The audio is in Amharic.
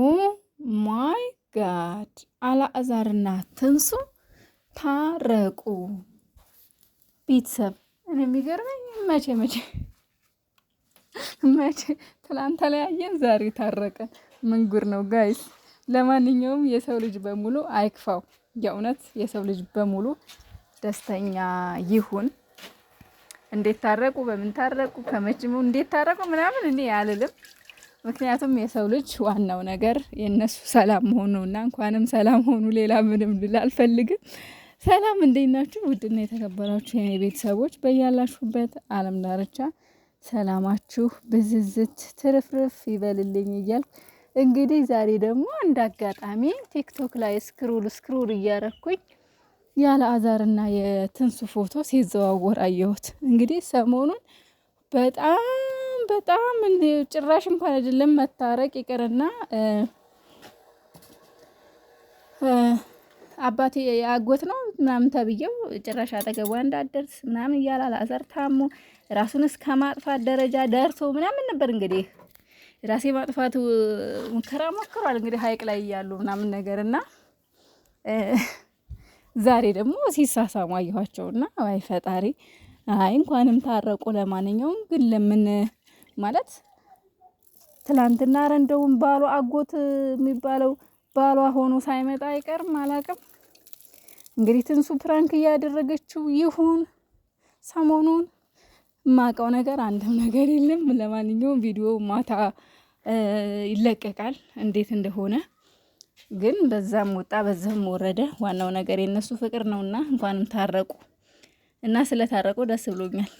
ኦ ማይ ጋድ አላእዛርና ትንሱ ታረቁ። ቤተሰብ እኔ የሚገርመኝ መቼ መቼ መቼ ትላንት ተለያየን፣ ዛሬ ታረቀን። ምንጉር ነው ጋይስ። ለማንኛውም የሰው ልጅ በሙሉ አይክፋው። የእውነት የሰው ልጅ በሙሉ ደስተኛ ይሁን። እንዴት ታረቁ፣ በምን ታረቁ፣ ከመቼ እንዴት ታረቁ ምናምን እኔ አልልም። ምክንያቱም የሰው ልጅ ዋናው ነገር የእነሱ ሰላም መሆኑ እና እንኳንም ሰላም ሆኑ። ሌላ ምንም ልል አልፈልግም። ሰላም እንዴት ናችሁ? ውድና የተከበራችሁ የኔ ቤተሰቦች በያላችሁበት ዓለም ዳርቻ ሰላማችሁ ብዝዝት ትርፍርፍ ይበልልኝ እያልኩ እንግዲህ ዛሬ ደግሞ እንደ አጋጣሚ ቲክቶክ ላይ ስክሩል ስክሩል እያረኩኝ ያለ አዛርና የትንሱ ፎቶ ሲዘዋወር አየሁት። እንግዲህ ሰሞኑን በጣም በጣም ጭራሽ እንኳን አይደለም መታረቅ ይቅርና አባቴ አጎት ነው ምናምን ተብዬው ጭራሽ አጠገቧ እንዳደርስ ምናምን እያለ አላዛር ታሞ ራሱን እስከ ማጥፋት ደረጃ ደርሶ ምናምን ነበር እንግዲህ ራሴ ማጥፋት ሙከራ ሞክሯል። እንግዲህ ሀይቅ ላይ እያሉ ምናምን ነገር እና ዛሬ ደግሞ ሲሳሳሙ አየኋቸውና፣ ወይ ፈጣሪ፣ አይ እንኳንም ታረቁ። ለማንኛውም ግን ለምን ማለት ትላንትና ኧረ እንደውም ባሏ አጎት የሚባለው ባሏ ሆኖ ሳይመጣ አይቀርም። አላቅም እንግዲህ ትንሱ ፕራንክ እያደረገችው ይሁን። ሰሞኑን የማውቀው ነገር አንድም ነገር የለም። ለማንኛውም ቪዲዮ ማታ ይለቀቃል እንዴት እንደሆነ ግን በዛም ወጣ በዛም ወረደ፣ ዋናው ነገር የነሱ ፍቅር ነውና እንኳንም ታረቁ እና ስለታረቁ ደስ ብሎኛል።